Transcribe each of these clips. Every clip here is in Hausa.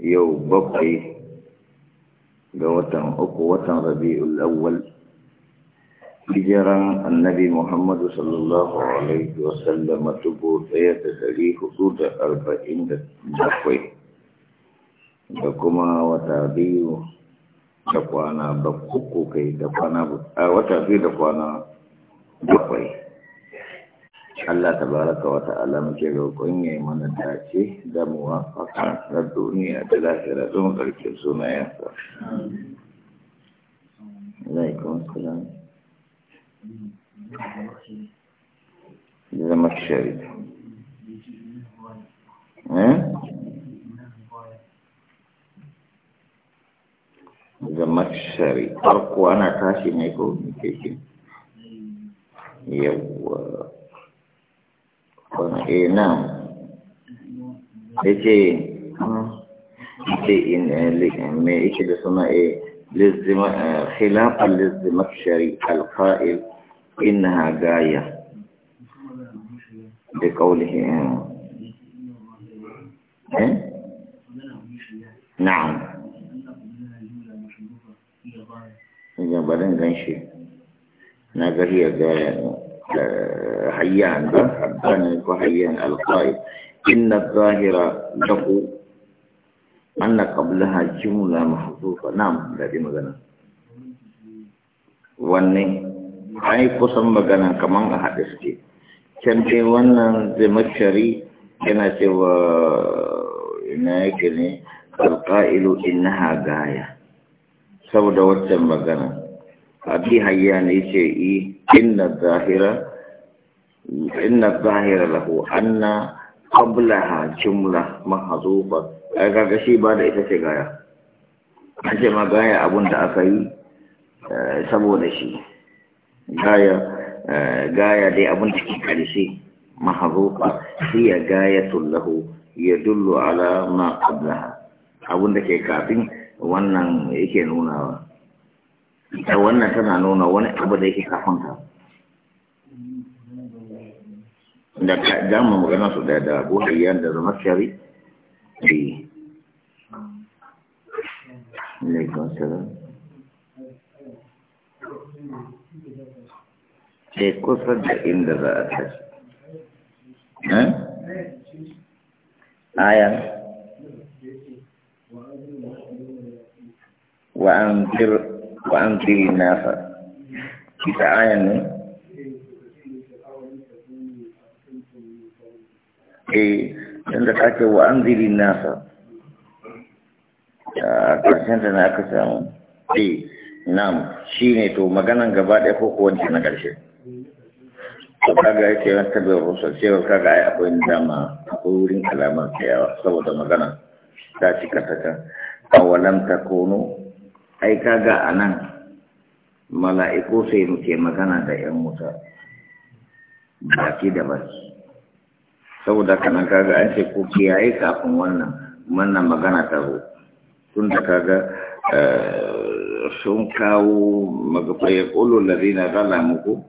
yau bakwai ga watan uku watan rabi'ul awwal hijiran annabi muhammadu sallallahu alaihi wasallama dubu ɗaya da ɗari hudu da arba'in da bakwai da kuma wata biyu da kwana bakwai kai da kwana wata biyu da kwana bakwai Allah tabaraka wa ta'ala muke roƙon ya yi mana dace da muwafaka na duniya da lafiya don ƙarfin sunayensa. Alaikun Zama eh? Zama Farko ana tashi ne ko muke Yawwa. Eh. eh na'am yace yace in me yake da suna eh لازم خلافا للزمخشري القائل إنها غاية بقوله إيه؟ نعم إذا بدن غنشي نقل هي غاية hayyan ba abdan ko hayyan alqaid inna adh-dhahira lahu anna qablaha jumla mahzufa nam dari magana wanne ai kusan magana kaman a hadis ce can dai wannan zimakshari yana cewa ina yake ne alqailu innaha gaya saboda waccan magana abi hayyan yace i eh, inna zahira inna zahira lahu anna qablaha jumla mahzufa ai kaga shi ba da ita ce gaya an ce ma gaya abun da aka yi eh, saboda shi gaya eh, gaya dai abun da ke karshe mahzufa gaya gayatul lahu dullu ala ma qablaha abun da ke kafin wannan yake nunawa ita wannan tana nuna wani abu da yake kafin ka da ka gama magana su da da abu hayyan da zama shari eh. ne ne kusa da inda za a tashi eh? wa'an wa an tiri nasa kita ayan ni e dan da kake wa an tiri nasa a ƙarshen da na aka samu e nam shi ne to magana gaba ɗaya ko kowace na ƙarshe kaga yake yan tabin rusul cewa kaga ai in dama akwai wurin kalamar ya saboda magana ta cika ta kan awalam takunu ai kaga a nan mala'iku sai muke magana da ‘yan wuta baki da baki saboda kanan kaga an ce ko kiyaye kafin wannan wannan magana ta zo tun da kaga eh, sun kawo magafaye lari na zala muku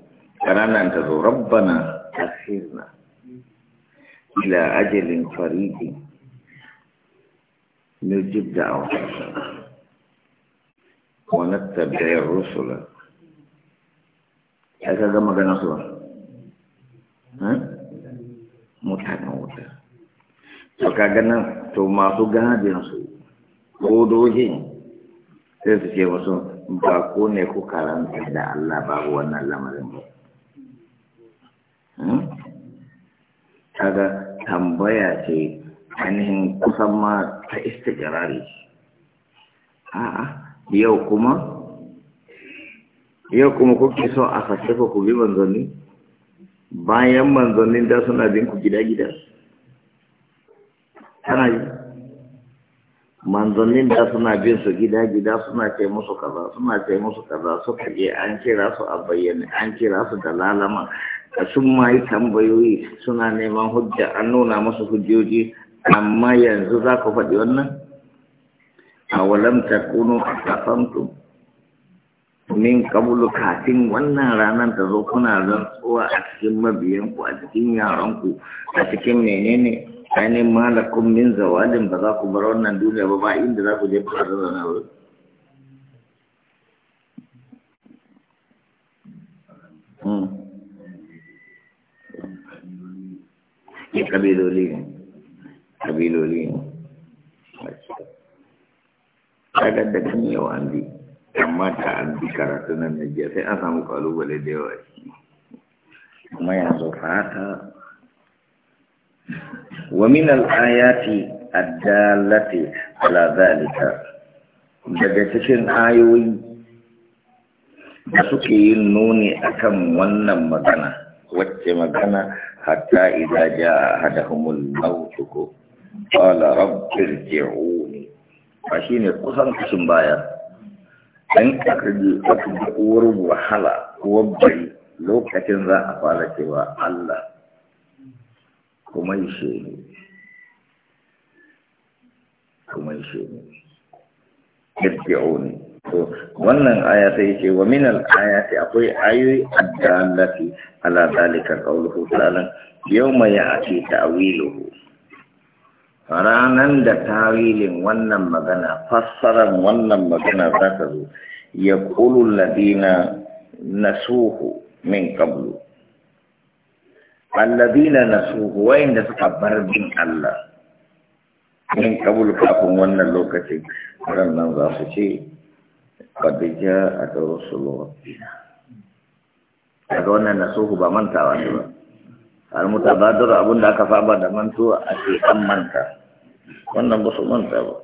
ƙananan ta zo rabbana tasirna ila ajalin faridi nujib da awa ونتبع الرسل هذا ده ما نصر ها mutanen wuta to kaga nan to masu gadin su ko dojin sai su ce wasu ba ko karanta da Allah babu wannan lamarin A kaga tambaya ce ainihin kusan ma ta istiqrari a'a yau kuma yau kuma kuke so a sake ku ku bi manzanni bayan manzannin da suna bin ku gida-gida tana yi manzannin da suna bin su gida-gida suna ce musu kaza suna ce musu kaza su je an kira su a bayyane an kira su da lalama sun ma yi tambayoyi suna neman hujja an nuna musu hujjoji amma yanzu za ku faɗi wannan awalam takunu akasamtum min kabulu kafin wannan ranar ta zo kuna rantsuwa a cikin mabiyanku a cikin yaranku a cikin menene ainihin malakun min zawadin ba za ku bar wannan duniya ba ba inda za ku je ku zazzana na ba. ne ne kaga da kan yawa an bi amma ta an bi karatu nan na jiya sai an samu kalubale da yawa kuma yanzu fata wa min al-ayati ad-dallati ala daga cikin ayoyi da suke yin nuni akan wannan magana wacce magana hatta idza jaa ahadahumul maut qala rabbi irji'uni ba shi ne kusan kashin baya ɗan aka ji aka ji uwar wahala uwar bari lokacin za a fara cewa Allah kuma shi ne kuma shi ne irji'uni to wannan aya ta ce wa minal ayata akwai ayoyi addallati ala zalika yau ta'ala ya ake ta'awilu ranan da tawilin wannan magana fassarar wannan magana za ta zo ya kulu ladina nasuhu min kablu alladina nasuhu wayanda suka bar bin Allah min kabul kafin wannan lokacin nan za su ce kadija a ta rasulullah daga wannan nasuhu ba mantawa ne ba al mutabadar abin da aka faɓa da mantuwa a ce an manta wannan ba su manta ba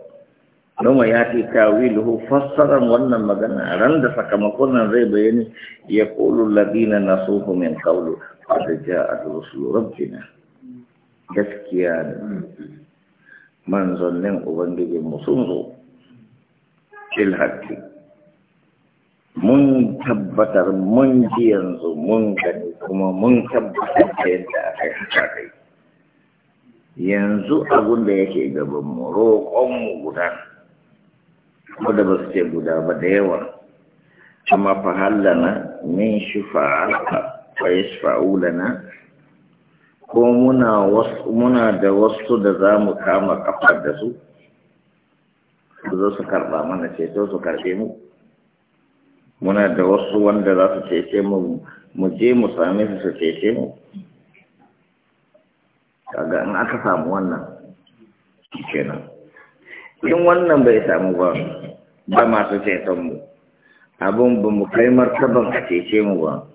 Noma ya fi tawiluhu fassaran wannan magana ran da sakamakon nan zai bayani ya qulu na sohu min qawlu a ja'at rusulu rabbina gaskiya ne manzannin ubangijin musu zo ilhaki mun tabbatar mun ji yanzu mun gani kuma mun tabbatar da yadda aka yi haka kai yanzu abun da yake gaban mu roƙon mu guda wanda ba su ce guda ba da yawa amma fa hallana min shufa'aka fa yashfa'u lana ko muna wasu muna da wasu da za mu kama kafar da su su zo su karɓa mana ceto su karɓe mu muna da wasu wanda za su cece mu mu je mu same su su cece mu kaga in aka samu wannan kenan in wannan bai samu ba ba masu ceton mu abin ba mu kai martaban a cece mu ba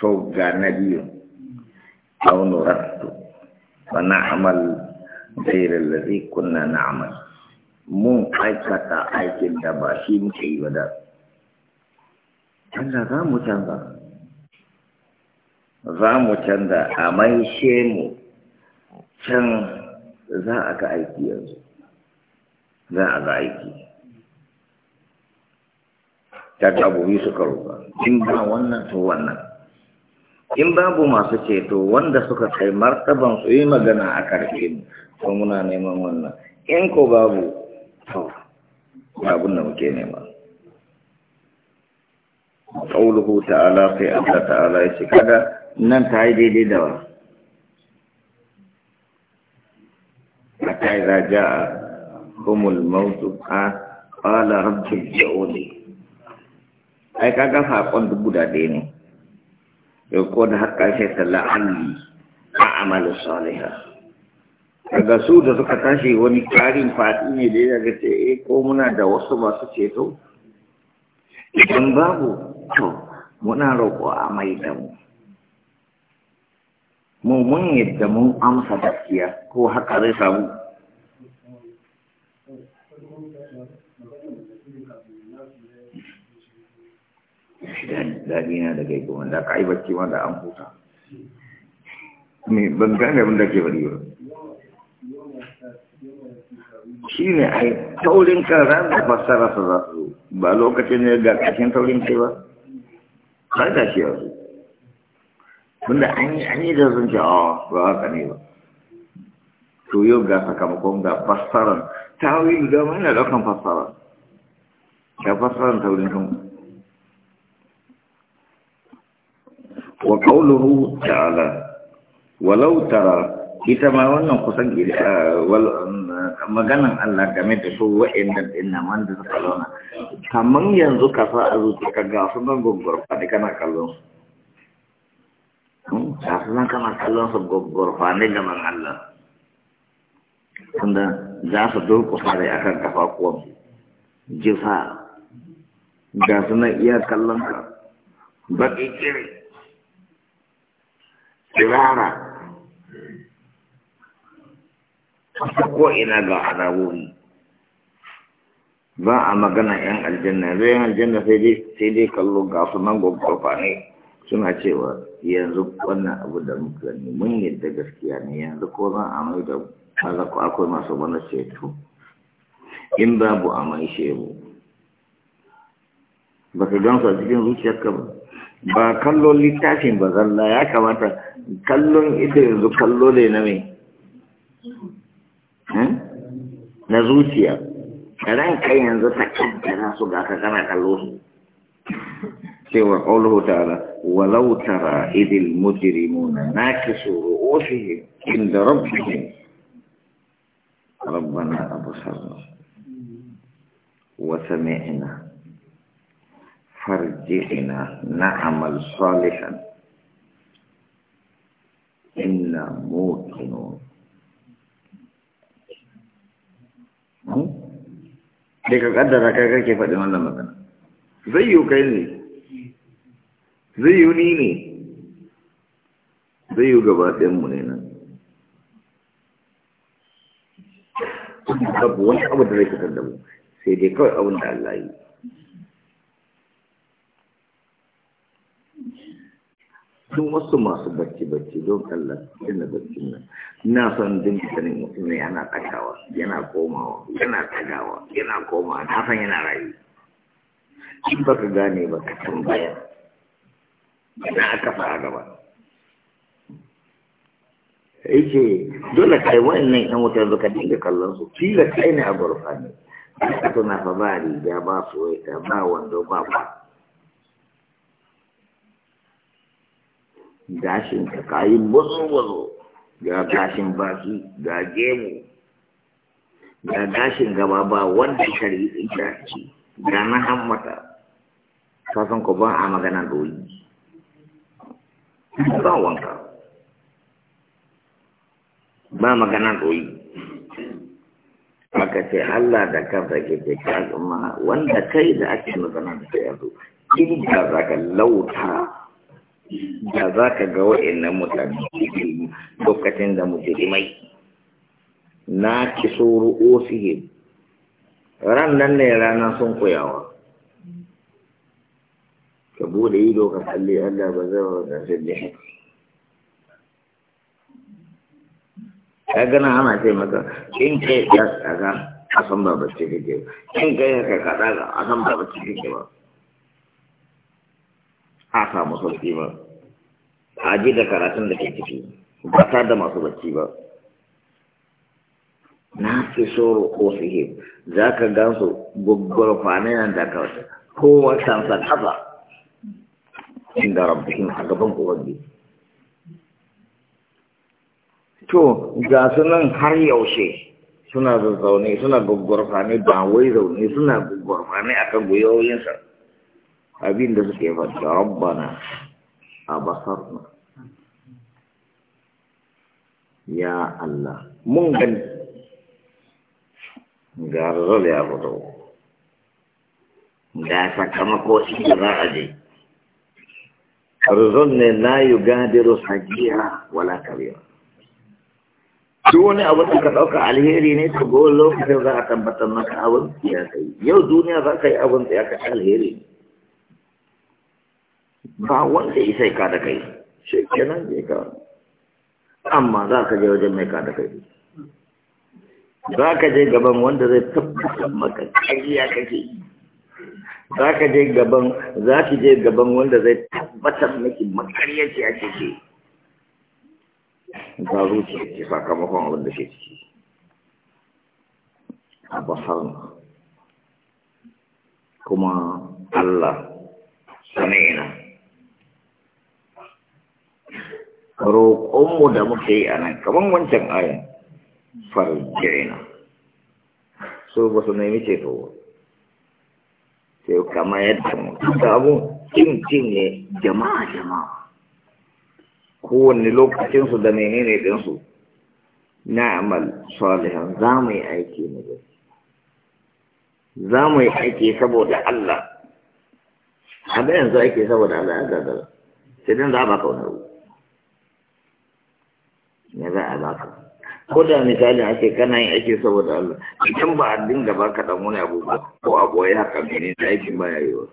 to ga na biyu aunu rattu wa amal zairin allazi kunna amal mun aikata aikin da ba shi muke yi ba da canza za mu canza za mu canza a maishe mu can za a ga aiki yanzu za a ga aiki ta tabobi suka ruwa. in ba wannan to wannan in babu masu ceto wanda suka kai martaban su yi magana a karfe mu to muna neman wannan in ko babu to abin da muke nema ƙauluhu ta'ala sai Allah ta'ala ya ce kada nan ta yi daidai da wasu حتى إذا جاءهم الموت قال رب ارجعوني ai kaga saƙon dubu da ɗaya ne ya ko da har ƙarshe ta la'alli a amalin saliha daga su da suka tashi wani ƙarin faɗi ne da ya ce eh ko muna da wasu masu ceto idan babu to muna roƙo a mai da mu mu mun yadda mun amsa gaskiya ko haka zai samu daɗi na da gaiko wanda ka yi wanda an huta ban gane abin da ke bari ba shi ne a yi taurin kan ranar fassararsa su ba lokacin ne ga ƙashin taurin ce ba har da shi yanzu tunda an yi an yi da sun ce a oh, ba ne ba to yau ga sakamakon ga fassarar ta wuyi ga mana ɗaukan fassara, ga fassarar ta wurin kan wa qawluhu ta'ala walau tara ita ma wannan kusan maganan Allah game da su wa'inda dinnan wanda suka launa kamar yanzu ka sa a zuci ka ga su nan gungurfa da kana kallon su Hmm, Sasunan kana kallon su gurfane gaban Allah. Tunda za su durkufa da akan kafa kuwan jifa ga na iya kallon ka baƙi kiri tsirara ko ina ga alawoyi ba a magana yan aljanna zai yan aljanna sai dai kallo ga sunan gurfane suna cewa yanzu wannan abu da muka gani mun yadda gaskiya ne yanzu ko zan amai da kaza ko akwai masu wani ceto in babu amai shebu ba ka gansu a cikin zuciyarka ba ba kallon littafin ba zalla ya kamata kallon ita yanzu kallo ne na mai hmm? na zuciya ranka yanzu ta kaddara su ga ka kana kallo su سوى قوله تعالى ولو ترى إذ المجرمون ناكسوا رؤوسهم عند ربهم ربنا أبصرنا وسمعنا فارجعنا نعمل صالحا إنا موقنون Dika kaddara kai kake faɗin wannan magana. Zai yi kai ne zai yi ni ne zai yi gaba ɗayanmu ne nan babu wani abu da zai fitar da mu sai dai kawai abin da Allah yi duk wasu masu bacci-bacci don Allah inda baccin nan na son din sanin mutum yana tagawa yana komawa yana tagawa yana komawa na san yana rayu in baka gane baka tambaya ina kafa a gaba yake dole kai wa'annan yan wutar zuka dinga kallon su kila kai ne a gurfa ne aka tuna fa ba riga ba suwaita ba wando ba ba gashin ka kayi wazo-wazo ga gashin baki ga gemu ga gashin gaba ba wanda shari'in ta ce ga na hammata san ku ba a maganar doyi ba wanka ba maganan ɗoyi maka ce Allah da kansa ke ka kuma wanda kai da ake magana da ta yanzu in da za ka lauta da za ka ga wa'annan mutane lokacin da mujirimai na kiso ru'osihim ran nan ne ranar sun koyawa كبول عيدو إيه كان حلي هلا بزر عشان لحن أجنا هم عشان ما كان كين كي جا أجا أسمع بتشي كي جوا كين كي هكا كذا أجا أسمع بتشي كي جوا آسا مصل كي ما آجي ده كراشن ده كي كي بسات ده مصل بتشي با نافي سورو خوفيه ذاك غانسو بغرفانين عندك هو وقت سانسان حضر inda rabbihim a gaban to ga har yaushe suna zaune suna gwaggwarfa ne ba wai zaune suna gwaggwarfa ne a kan gwiwoyinsa abin da suke faɗi rabbana a basar ya Allah mun gani ga ya fito ga sakamako inda za a je rizon la yugadiru sagira wala kabira duk wani abu da ka ɗauka alheri ne ka go lokacin za a tabbatar maka abin ya kai yau duniya za ka yi abin da ya kai alheri ba wanda isa ka da kai shi kenan je ka amma za ka je wajen mai ka da kai za ka je gaban wanda zai tabbatar maka kariya kake yi za ka je gaban za ki je gaban wanda zai tabbatar miki makaryaci a ciki ga fa ce sakamakon abin da ke ciki a basar kuma Allah sami'ina roƙonmu da muke yi a nan kamar wancan ayin farjina so ba su nemi ceto to. sai kama yadda mutum abu cin cin ne jama'a jama'a kowanne lokacinsu da menene ɗinsu na amal salihan za mu yi aiki na gaske za mu yi aiki saboda Allah a da yanzu aiki saboda Allah ya gagara sai dan za a baka wani ruwa ya za a baka ko da misali ake kana yin ake saboda Allah idan ba a dinga ba dan wani abu ba ko a boye haka ne da aikin ba ya yi wa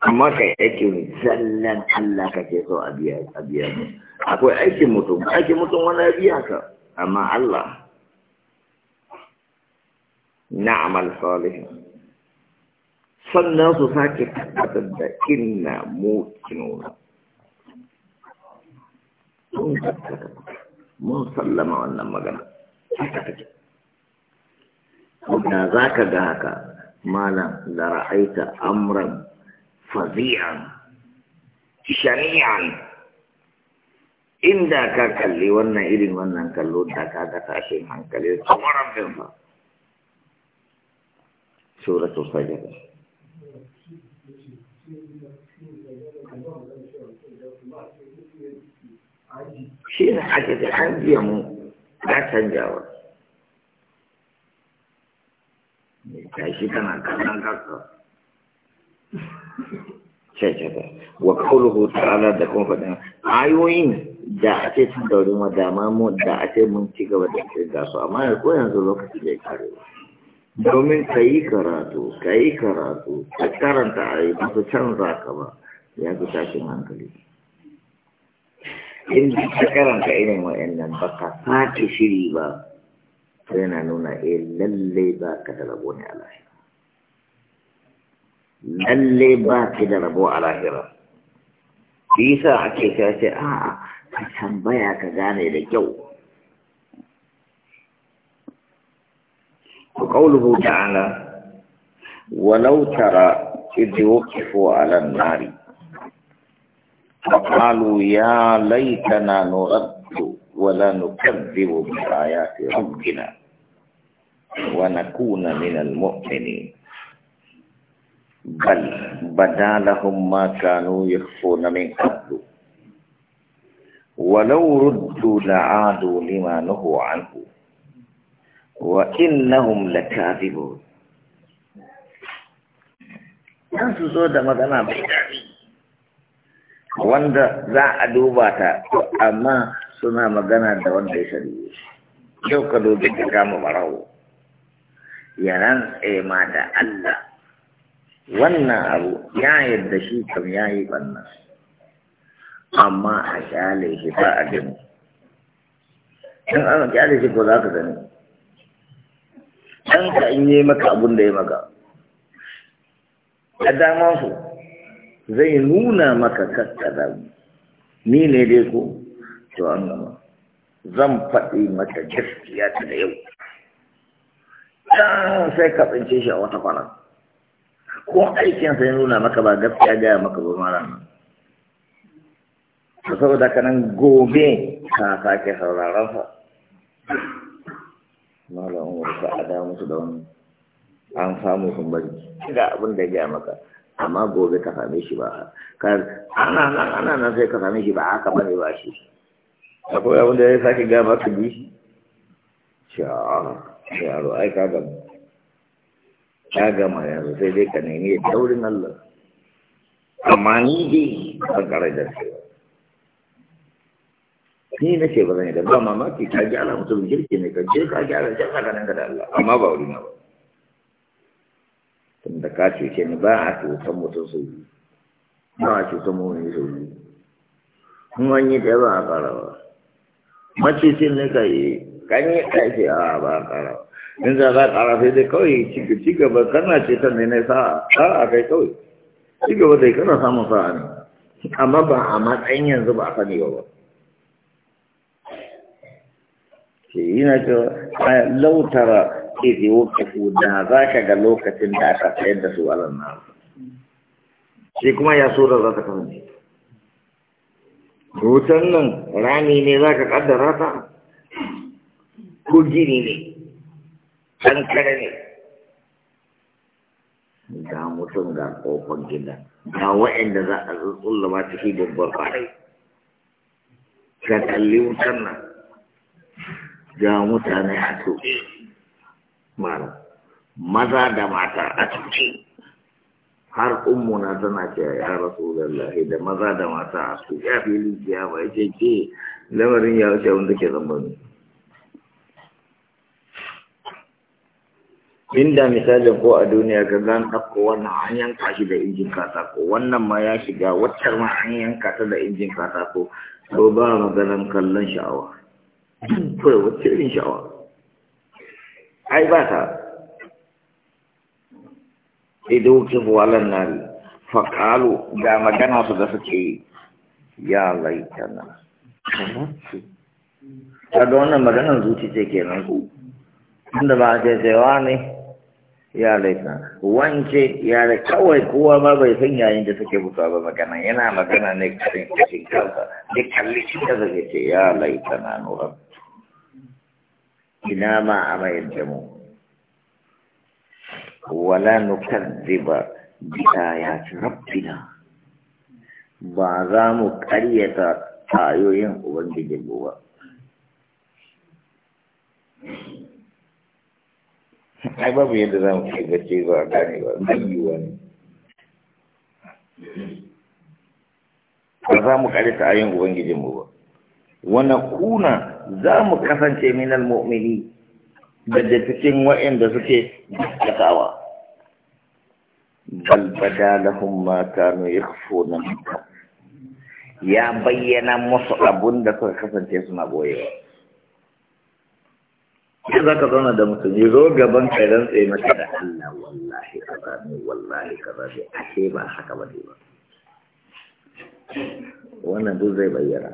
amma kai aikin zallan Allah kake so a biya a biya akwai aikin mutum aikin mutum wani biya ka amma Allah na'mal salih sannan su sake tabbatar da inna mukinuna sun tabbata mun sallama wannan magana haka take da za ka ga haka malam da ra'aita amran fazi'an shari'an inda ka kalli wannan irin wannan kallo da ka ga tashin hankali tsamaran bin fa suratul fajr Thank you. shi ne ake da an biya mu ba canjawa ta shi tana kasan kasa cancanta wa kauluhu ta'ala da kuma faɗin ayoyin da a ce tun dauri ma dama mu da a mun ci gaba da kirga gasu. amma ya ko yanzu lokaci da kare domin ka yi karatu ka yi karatu ka karanta a yi masu canza ka ba ya fi tashin hankali in duk ka karanta irin wa'annan ba ka sake shiri ba to yana nuna eh lalle ba ka da rabo ne a lahira lalle ba ki da rabo a lahira shi yasa ake ka ce a'a ka tambaya ka gane da kyau وقوله تعالى ولو ترى إذ وقفوا على النار فقالوا يا ليتنا نرد ولا نكذب بآيات ربنا ونكون من المؤمنين بل بدا لهم ما كانوا يخفون من قبل ولو ردوا لعادوا لما نهوا عنه وإنهم لكاذبون ناس زود مدنا بيدعين wanda za a duba ta amma suna magana da wanda ya shari'a yau ka dubi ka kama barawo. ya rantse ma da Allah wannan abu ya yadda shi kam ya yi wannan amma a kyale shi ba a gani in an kyale shi ko za ka gani ɗanka in yi maka abun da ya maka a damansu zai nuna maka kakkada ni ne dai ko to an gama zan faɗi maka gaskiya ta da yau dan sai ka tsince shi a wata kwana ko aikin sai nuna maka ba gaskiya gaya maka ba mara nan ba saboda ka nan gobe ka sake sauraron sa malam umar ka su da wani an samu sun bari ga abin da ya gaya maka amma gobe ka same shi ba kar ana nan ana nan sai ka same shi ba haka bane ba shi akwai abin da ya sake ga maka bi shi sha'a yaro ai ka gama ka gama yanzu sai dai ka nemi ya daurin Allah amma ni dai ban kare da shi ni na ce ba zan yi da ba mamaki ka gyara mutum girki ne ka je ka gyara jan ka nan ka da Allah amma ba wuri na ba tunda ka cuce ni ba a cutar mutum sau biyu ba a cutar mummuni sau biyu in an yi ɗaya ba a ƙarawa macicin ne ka yi kan yi ƙarfi a ba a ƙarawa in za ka ƙara sai dai kawai ci gaba kana cutar ne na sa'a sa'a kai kawai ci gaba dai kana samun sa'a ne amma ba a matsayin yanzu ba a sani ba ke yi na cewa lautara ke tsewokatsu da za ka ga lokacin da da su alan nasu shi kuma ya so da za ta kawo ne rutan nan rami ne za ka kaddara ko gini ne can kare ne ga mutum ga kofar gida ga wa'anda za a tsulla ba ciki babbar kwarai ka kalli wutan nan ga mutane a mara maza da mata a cikin har ummuna tana ce ya rasu da maza da mata a su ya filin ba ya ce ke lamarin ya wuce wanda ke ne. inda misalin ko a duniya ka gan ɗauko wannan an yanka shi da injin katako wannan ma ya shiga waccan ma an yanka ta da injin katako to ba maganan kallon sha'awa kawai wacce irin sha'awa ai ba ta ido ke buwalan nari faƙalu ga magana su da suke yi ya laitana kaga wannan maganar zuci ce kenan ku inda ba a ce cewa ne ya laita wance ya da kawai kowa ma bai san yayin da suke mutuwa ba magana yana magana ne kashin kashin kansa duk kalli shi da zai ce ya laita na nuran ina ma a mayar da mu wala nukazziba ya ci rabbina ba za mu karyata ayoyin ubangijin ba ai babu yadda za mu kai gace ba gane ba zai yi wani ba za mu karyata ayoyin ubangijin ba wannan kuna za mu kasance minal mu'mini daga cikin waɗanda suke gaskawa bal bada lahum ma kanu yakhfuna ya bayyana musu abun da suka kasance suna boyewa sai za ka zauna da mutum ya zo gaban ka tsaye maka da Allah wallahi kaza ne wallahi kaza ne ashe ba haka ba ne ba wannan duk zai bayyana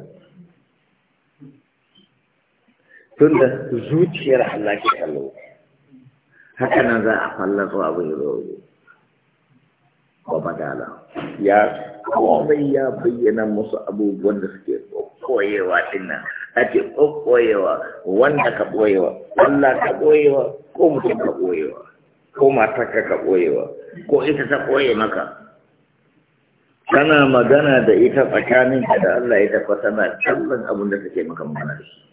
tun da zuciyar Allah ke kallo haka nan za a fallasa abin yaro wa magana ya komai ya bayyana musu abubuwan da suke koyewa dinnan ake koyewa wanda ka koyewa Allah ka koyewa ko mutum ka koyewa ko mata ka koyewa ko ita ta koye maka kana magana da ita tsakaninka da Allah ita kwa tana tallan abin da take maka magana da shi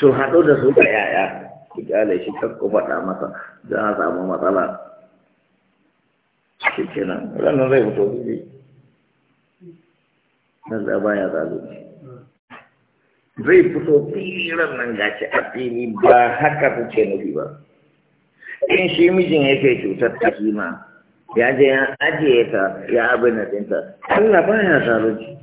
su haɗu da su da yaya ki kyale shi kakko faɗa masa za a samu matsala shi kenan ranar zai fito zubi nan da baya zalunci zai fito firan nan gashi a fili ba haka suke nufi ba in shi mijin yake cutar ta kima ya je ya ajiye ta ya abin da ɗinta Allah baya zalunci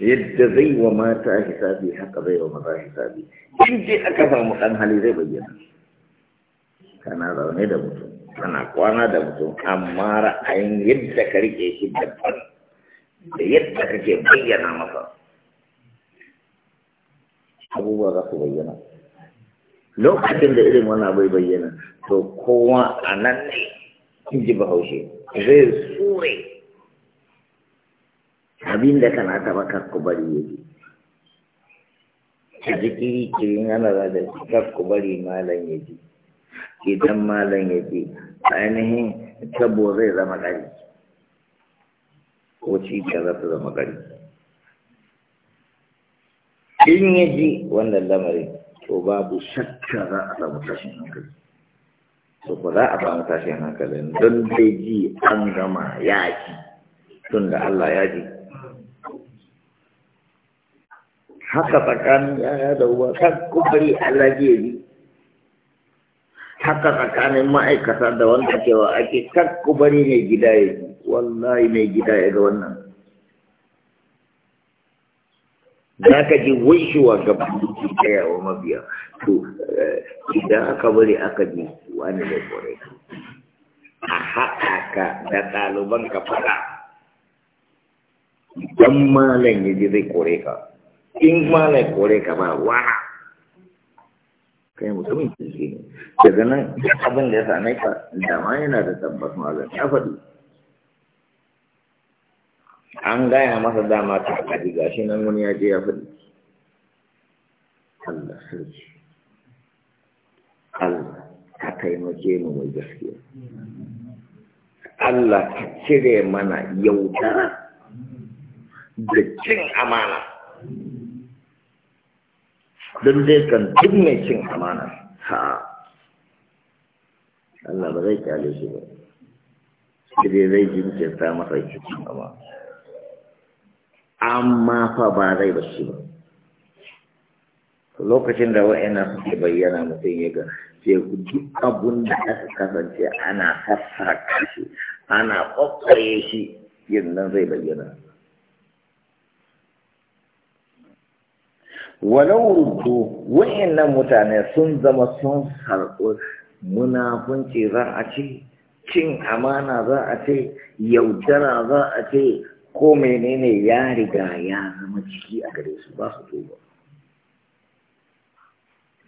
yadda zai wa mata hisabi haka zai wa maza hisabi in dai aka samu ɗan hali zai bayyana kana zaune da mutum kana kwana da mutum amma ra'ayin yadda ka rike shi daban da yadda kake bayyana masa abubuwa za su bayyana lokacin da irin wannan bai bayyana to kowa a nan ne in ji bahaushe zai sure abin da kana taɓa kakku bari ya ji a jikiri kiri yana da kakku bari malam ya ji idan malam ya ji ainihin tabo zai zama gari ko cikin za ta zama gari in ya ji wannan lamarin to babu shakka za a samu tashin hankali to ku za a samu tashin hankali don dai ji an gama ya ji tun da Allah ya ji haka tsakanin yaya da uwa kan kokari Allah ke yi haka tsakanin ma'aikata da wanda cewa ake kan kubari mai gida ya yi wallahi mai gida ya ga wannan za ka ji waishewa gaba ke tsaya wa mabiya to eh, idan aka bari aka ji wani da kore a haɗa ka da ɗaliban ka faɗa don malam ya ji zai kore ka in ma na kore ka ba wa? kai mutumin kirki ne daga nan abin da ya same ka da ma yana da tabbas malam ya faɗi an gaya masa dama ta kaji gashi nan wani ya je ya faɗi Allah sarki Allah ka taimake mu mai gaskiya Allah ka cire mana yaudara da cin amana don dai kan duk mai cin amana ha Allah ba zai kyale shi ba shi dai zai jinkirta masa cikin amana amma fa ba zai ba shi ba lokacin da wa'ina suke bayyana mutum ya ga sai duk abun da aka kasance ana sassaka shi ana kokare shi yin nan zai bayyana walau rudu wa'annan mutane sun zama sun Muna munafunci za a ce cin amana za a ce yaudara za a ce ko menene ya riga ya zama ciki a gare su ba su tuba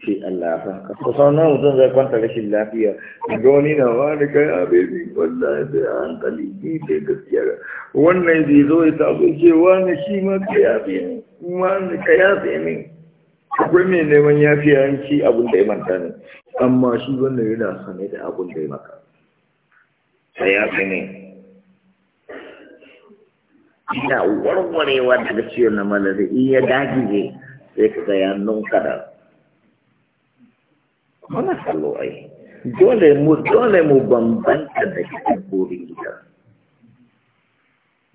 shi Allah san ka ko mutum zai kwanta rashin lafiya ga wani na da kai a bebi wanda ya zai hankali ni ce gaskiya wannan zai zo ya tafi ce wani shi ma kai a bebi wani ka ya min akwai mai neman yafi yanci abin da ya manta ne amma shi wannan yana sane da abin da ya maka ka yafe min ina warwarewa daga ciwon na malari in ya dagige sai ka ga ya nunka da mana kallo ai dole mu dole mu bambanta da shi burin gida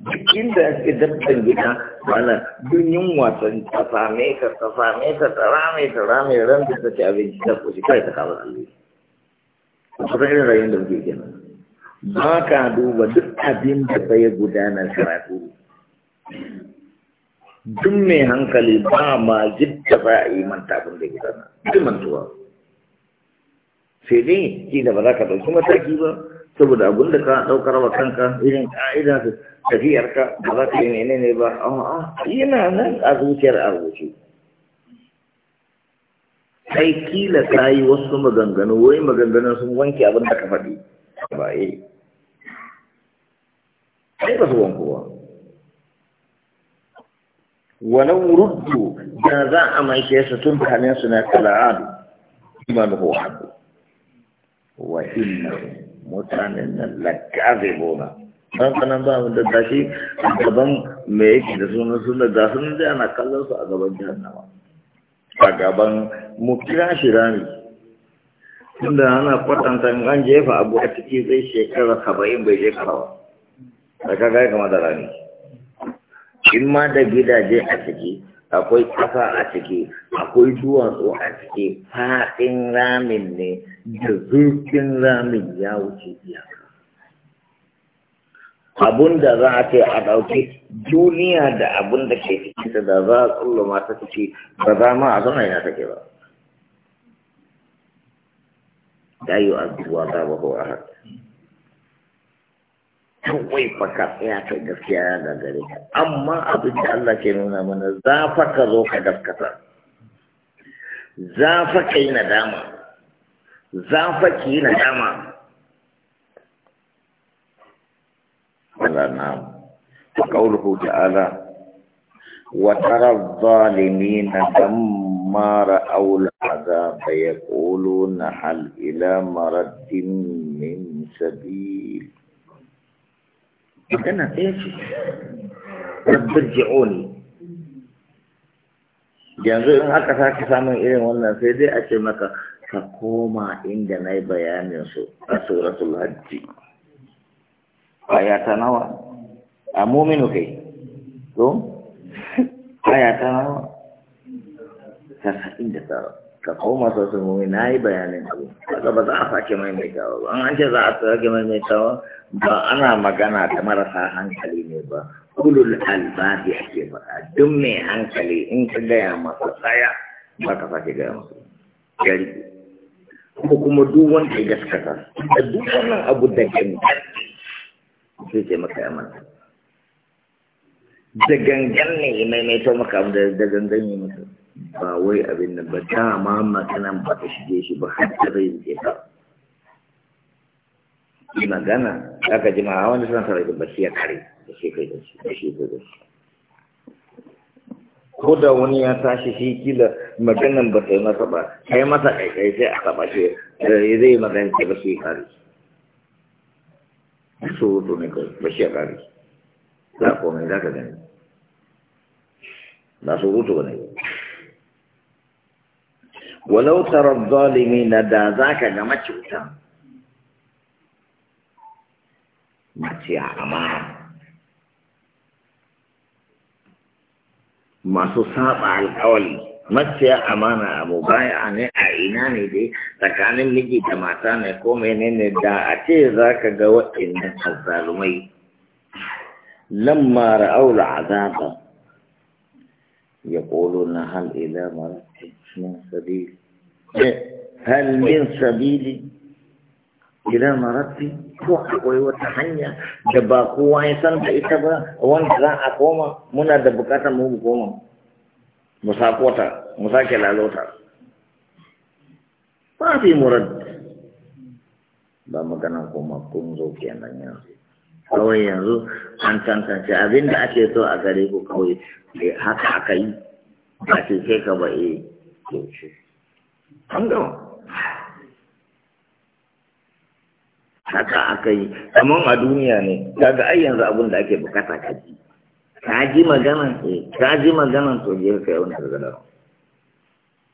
duk inda ake dabban gida mana duk yunwa ta same ka ta same ka ta rame ta rame ran da ta ci abinci ta koshi kai ta kawo alli kusan irin rayuwar da muke kenan ba ka duba duk abin da bai gudana karatu duk mai hankali ba ma jidda ba a yi manta abin da gudana duk mantuwa sai dai ki da ba za ka ɗauki mataki ba saboda abin da ka daukar wa kanka irin ka'ida su tafiyarka ba za ka yi mene ne ba ma'a ah, yana nan a zuciyar a rubuce kai kila ka yi wasu maganganu wai maganganun sun wanke abin da ka faɗi ba yi sai ba su wanku ba wani wurudu da za a maishe su tun kanin su na kala'adu imanu haɗu wa innahu mutanen nan lakaze bona don kanan ba mu da tashi a gaban me yake da sunan suna da suna da ana kallon su a gaban jihannama a gaban mu kira shi rami tunda ana kwatanta an jefa abu a ciki zai shekara saba'in bai je karawa da kaga kama da rami in ma da gidaje a ciki akwai kafa a ciki akwai duwatsu a ciki faɗin ramin ne da zurfin ramin ya wuce iyaka abun da za a ce a ɗauki duniya da abun da ke cikinta da za a tsulluma ta ciki ba za ma a zama yana take ba da yi wa abubuwa ba ba ko a haka kawai baka tsaya kai gaskiya ya gagare ka amma abin da Allah ke nuna mana za fa ka zo ka gaskata za fa ka yi nadama za fa ki yi nadama Allah na ta kauluhu ta'ala وترى الظالمين لما رأوا العذاب يقولون هل إلى مرد من سبيل magana ɗaya ce rabbar ji'oni yanzu in aka sake samun irin wannan sai dai a ce maka ka koma inda na yi bayanin su a suratul hajji ta nawa a mominu kai don ta nawa tasa'in da tsara ka koma sosai mummi na yi bayanin abu daga ba za a sake maimaitawa ba an ce za a sake maimaitawa ba ana magana da marasa hankali ne ba kulul albabi ake faɗa duk mai hankali in ka gaya masa tsaya ba ka sake gaya masa gari ko kuma duk wanda ya gaskata da duk wannan abu da ke sai ce maka ya mana da gangan ne maimaitawa maka abu da gangan ne manta ba wai abin nan ba dama maganan ba ta shige shi ba har da zai zuke ka yi magana za ka jima a wani sanar da ba ya kare da shi kai da shi da shi kai da shi ko da wani ya tashi shi kila maganan ba ta yi masa ba sai masa kaikai sai a saba shi ya eh, zai magana sai ba su yi kare so to ne kai ba shi ya kare za komai za ka gani ba su rutu ba ne ba ولو ترى الظالمين دا ذاك ما تشوتا ما تشيا أمان ما سوساب على الأول ما تشيا أمانة أبو باي أنا أعينان دي تكان نجي تماتان يقوم إنين دا أتي ذاك جوا إن الظالمين لما رأوا العذاب يقولون هل إلى مرض من سبيل هل من سبيل إلى مرتي روح وتحنيا دبا قوة يسال بإتبا وان كلا أقوما منا دبكاتا مو بقوما مساقوتا مساكلا لوتا ما في مرد ba maganan kuma kun zo kenan yanzu kawai yanzu an tantance abin da ake so a gare ku kawai haka aka yi ba ce sai ka ba eh yaushe an gama haka aka yi kamar a duniya ne kaga ai yanzu abin da ake bukata ka ji ka ji maganan eh ka ji maganan to je ka yau na daga dawo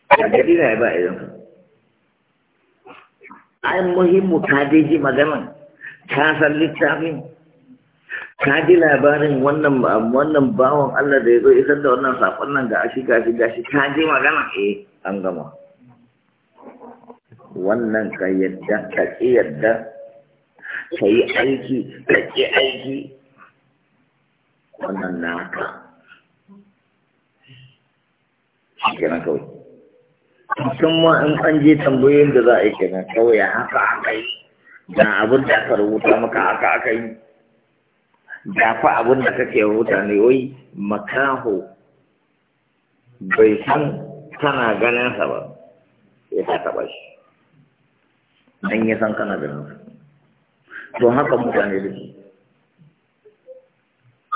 ka gadi na ba idan ai muhimmu ka dai ji maganan ka san littafin ka ji labarin wannan wannan bawan Allah da ya zo isar da wannan saƙon nan ga shi gashi shi ka ji magana eh an gama wannan ka yadda ka ki yadda ka yi aiki ka ki aiki wannan na shi kenan kawai musamman in an je tambayoyin da za a yi kenan kawai haka aka yi da abin da aka rubuta maka haka aka yi da fa abin da kake mutane wai makaho bai san kana ganin sa ba ya ta taba shi dan ya san kana ganin sa to haka mutane da shi,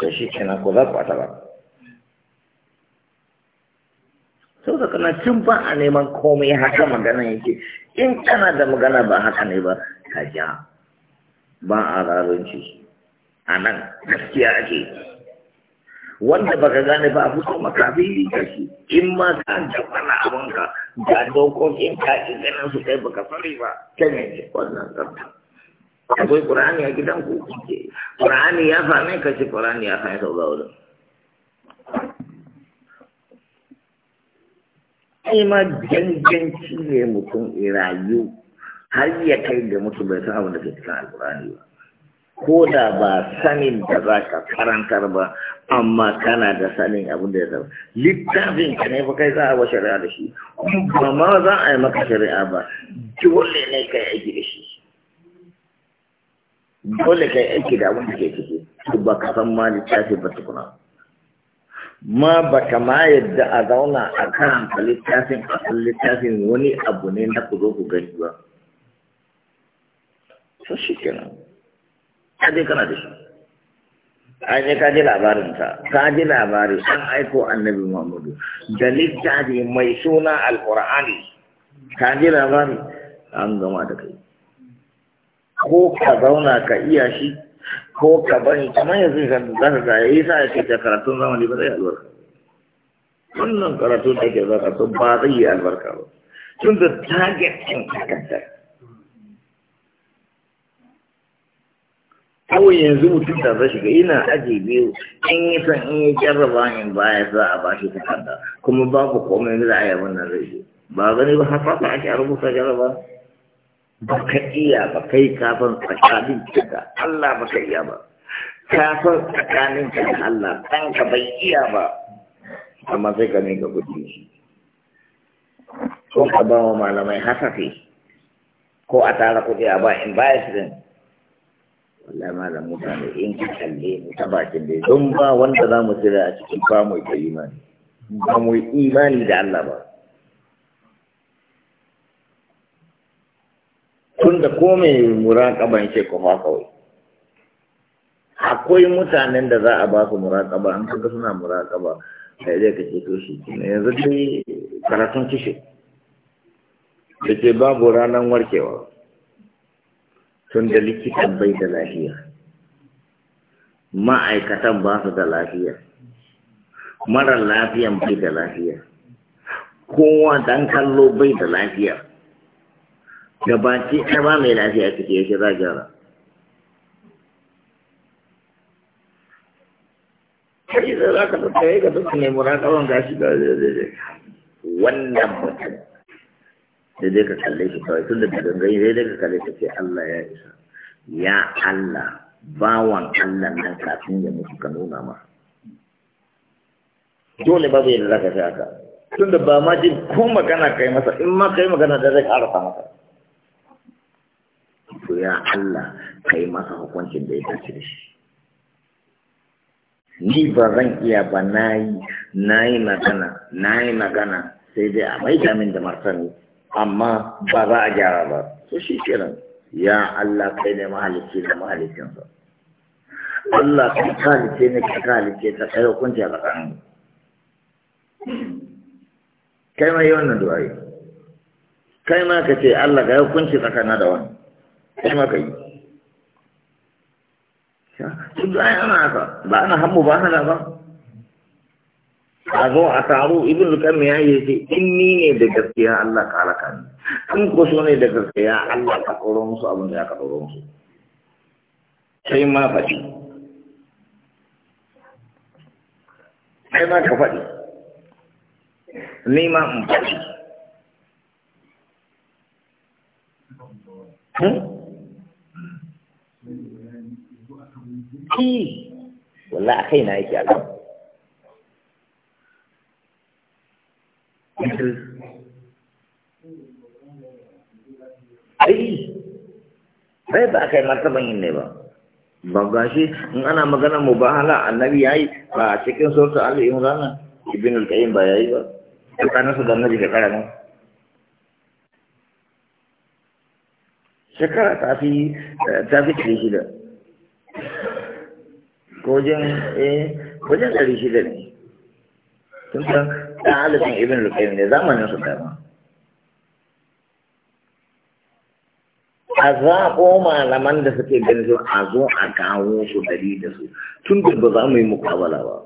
da shi kina ko za ku ata ba sau da kana cin ba a neman komai haka magana yake in kana da magana ba haka ne ba ka ja ba a rarunci a nan gaskiya ake wanda baka gane ba a fito kafin yi kashi in ma ka jabana abinka ga dokokin ka ki ganin su kai baka sani ba ta ne wannan tsafta akwai ƙur'ani a gidan ku kike ƙur'ani ya same ka ce ƙur'ani ya same sau ga wurin ai ma ganganci ne mutum irayu har ya kai da mutum bai san abin da ke cikin alƙur'ani ba ko da ba sanin da za ka karantar ba amma kana da sanin abin da ya zama littafin ka ne ba kai za a wa shari'a da shi ba ma za a yi maka shari'a ba dole ne ka yi aiki da shi dole ka yi aiki da abin da ke ciki su ba ka san ma littafi ba tukuna ma ba ka ma yadda a zauna a karanta littafin a san littafin wani abu ne na ku zo ku gani ba. Sashi kenan. ka je kana da shi ai ne ka ji labarin ta ka ji labari an aiko annabi muhammadu da littafi mai suna alqur'ani ka ji labari an gama da kai ko ka zauna ka iya shi ko ka bari kamar yanzu kan da ka ga yayi sa yake da karatun zamani ba zai albarka wannan karatun da ke zaka so ba zai yi albarka ba tun da target din ka kaddara kawai yanzu mutum da zai shiga ina aji biyu in yi san in yi jarraba in baya za a bashi takarda kuma babu komai da a yabon nan zai ba gani ba ba ake a rubuta jarraba ba ka iya ba kai kafin tsakanin da Allah ba ka iya ba kafin tsakanin da Allah ɗan ka bai iya ba amma sai ka ne ka gudu shi ko ka ba wa malamai hasafi ko a tara kuɗi a ba in baya shi wallahi da mutane in ka kalle mu ta bakin dai don ba wanda za mu tsira a cikin ba mu da imani ba mu imani da Allah ba tun da kome muraƙaban shi kuma kawai akwai mutanen da za a ba su muraƙaba an kaga suna muraƙaba sai zai ka to shi yanzu dai karatun kishi da ce babu ranar warkewa tun da likitan bai da lafiya ma'aikatan ba su da lafiya mara lafiyan bai da lafiya kowa dan kallo bai da lafiya gabaci ɗaya ba mai lafiya cike yake za kai da za ka tattaye ga dukkan mai muraƙawan gashi da wannan mutum sai dai ka kalle shi kawai tun da bidan gani sai dai ka kalle shi ce Allah ya isa ya Allah bawan Allah nan kafin ya mutu ka nuna ma dole ba zai da zaka haka tun da ba ma jin ko magana kai masa in ma kai magana da zai ƙara masa to ya Allah kai masa hukuncin da ya dace da shi ni ba zan iya ba na yi na yi magana na yi magana sai dai a mai min da martani amma ba za a gyara ba to shi kenan ya Allah kai ne mahalicci da mahalicinsa Allah kai kalice ne ka kalice ta kai hukunci a tsakanin kai ma yi wannan duwaye kai ma ka ce Allah ga hukunci tsakanin da wani kai ma ka yi duk ana haka ba ana hamu ba na ba a zo a taru ibn lukam ya yi ce in ni ne da gaskiya Allah ka halaka in ko so ne da gaskiya Allah ka tsoro musu abin da ya ka tsoro musu sai ma faɗi sai ma ka faɗi ni ma in faɗi Ki, hmm? wallah a kai na yake alamu. ai ai ba kai martaban yin ne ba ba ga shi in ana magana hala annabi yi ba a cikin sautu ali imran ibn al-qayyim ba yi ba tsakanin su da annabi da karamin shekara ta fi eh, ta fi ɗari shida ko wajen eh wajen ɗari shida ne sun san alifin ne zamanin su ba. a zaɓo malaman da suke ganin su a zo a kawo su dari da su tun da ba za mu yi mukabala ba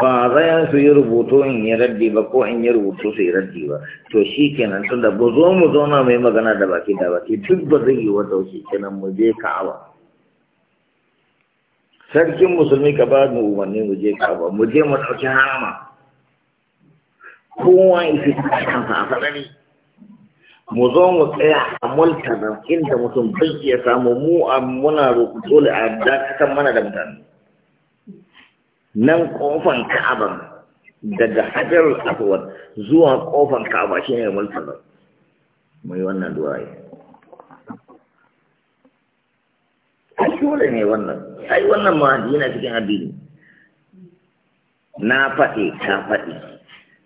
ba zayan su yi rubutu in yi raddi ba ko in yi rubutu su yi raddi ba to shi kenan tun da ba zo mu zauna mai magana da baki da baki duk ba zai yi wata shi kenan mu je kawa. sarkin musulmi ka ba mu umarni mu je kaba mu je mu ɗauki harama kowa ya fi kansa a sarari mu zo mu tsaya a da inda mutum bai iya samu mu a muna roƙo dole a dakatar mana da mutane nan kofan ka'aban daga hajarul aswad zuwa kofan ka'aba shine multazam da yi wannan duwaye a shule ne wannan ai wannan ma yana cikin addini na faɗi ka faɗi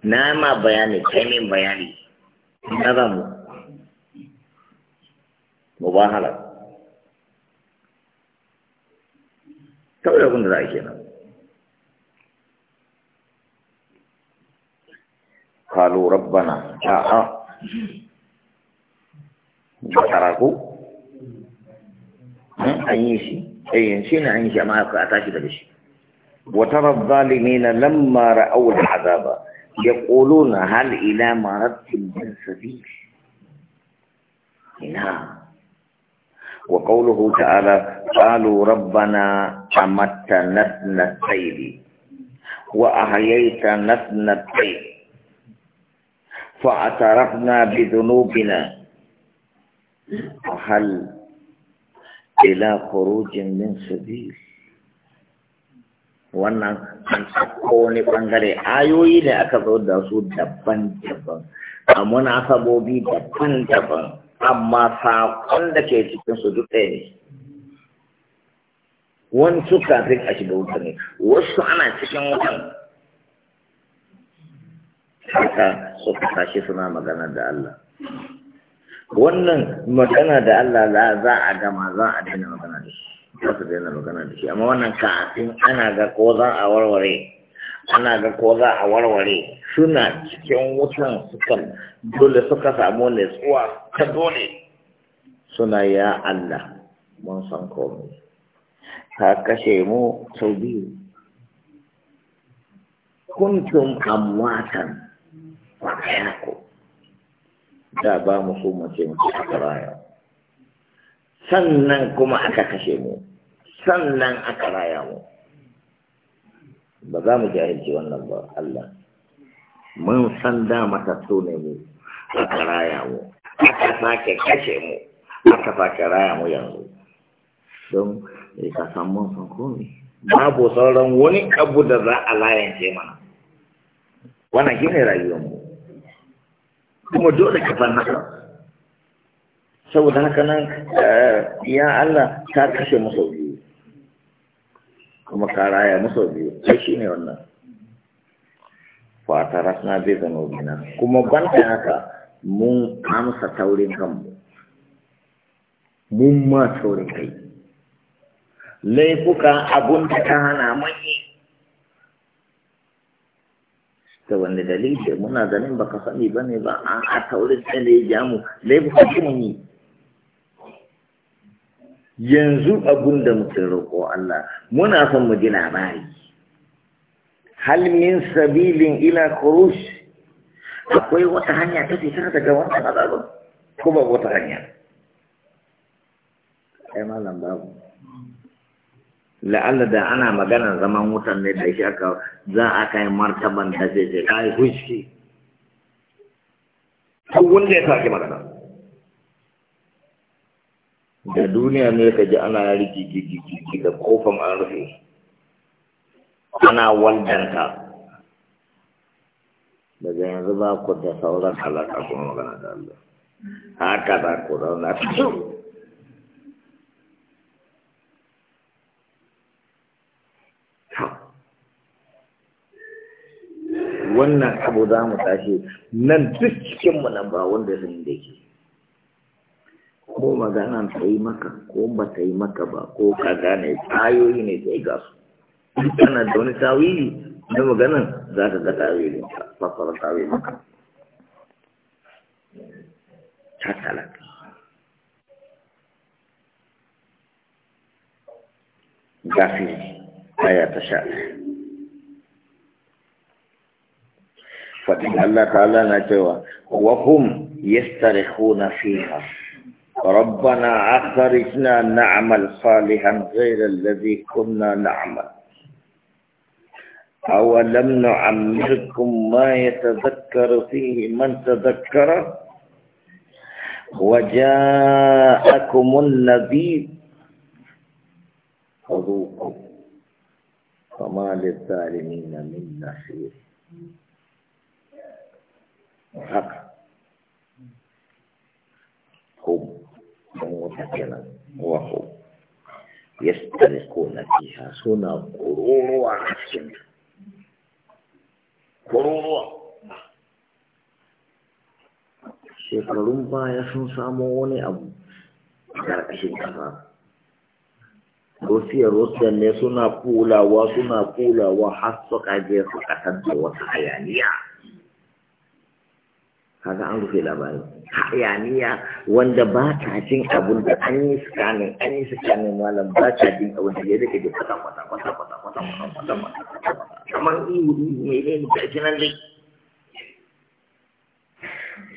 na ma bayani kai min bayani na za mu mu ba halar kawai abin da za a kenan قالوا ربنا جاء بشركوا عيشي أي شين عيشي ما أتاشي بلش وترى الظالمين لما رأوا العذاب يقولون هل إلى ما ردت من سبيل نعم وقوله تعالى قالوا ربنا أمت نثنى الطير وأحييت نثنى الطير فاعترفنا بذنوبنا فهل ila khurujin min sabil wannan an sako wani bangare ayoyi ne aka zo da su daban-daban a munasabobi daban-daban amma saƙon da ke cikin su duk ɗaya ne wani su kafin a shiga wuta ne wasu ana cikin wutan haka suka tashi suna magana da Allah wannan magana da Allah za a gama za a daina magana da shi za su daina magana da shi amma wannan kafin ana ga ko za a warware ana ga ko za a warware suna cikin wutan suka dole suka samu nutsuwa ta dole suna ya Allah mun san komai ka kashe mu sau biyu kuntum amwatan wa kayakum da ba mu so mu ce mu aka raya sannan kuma aka kashe mu sannan aka raya mu ba za mu jahilci wannan ba Allah mun san da matattu ne mu aka raya mu aka sake kashe mu aka sake raya mu yanzu don ka san mun san komai babu sauran wani abu da za a layance mana wannan rayuwar rayuwarmu kuma dole ka san haka saboda haka nan eh, ya Allah ta kashe musu biyu kuma ka raya musu biyu sai shi ne wannan fata rasna zai zama bina kuma ban da haka mun amsa taurin kanmu mun ma taurin kai laifuka abun da ta hana ta wani dalili muna ganin baka sani ba ne ba a a wurin ɗan da ya ja mu laifuka mun yi yanzu abun da muke roƙo Allah muna son mu ji labari hal min sabilin ila khuruj akwai wata hanya ta fita daga wannan azabin ko ba wata hanya ai malam babu la'alla da ana magana zaman wutan ne da shi aka za a kai martaban da zai je kai fushi duk wanda ya sake magana da duniya ne ka ji ana rigigigigi da kofan an rufe ana waldanta daga yanzu ba ku da sauran halaka kuma magana da Allah haka za ku zauna wannan abu za mu tashi nan duk cikinmu nan ba wanda zai da ke ko magana ta yi maka ko ba ta yi maka ba ko ka gane tayoyi ne zai ga su kana da wani tawili na maganan za ka ga tawili ka fasara tawili maka gafi aya ta فإن الله تعالى نجوى وهم يسترخون فيها ربنا أخرجنا نعمل صالحا غير الذي كنا نعمل أولم نعمركم ما يتذكر فيه من تذكر وجاءكم النذير خذوكم فما للظالمين من نصير haka hum don wuta kenan wa hum yastarikuna fiha suna kururuwa a cikin kururuwa shekarun baya sun samo wani abu A ƙarƙashin ƙasa rufiyar rusiyar ne suna kulawa suna kulawa har suka je suka tattar wata hayaniya kaga an rufe labarin hayaniya wanda ba ta jin abun da an yi sakanin an yi sakanin malam ba ta jin abun da ya rike da kwata kwata kwata kwata kwata kwata kwata kamar iwu ne ne ne ta nan dai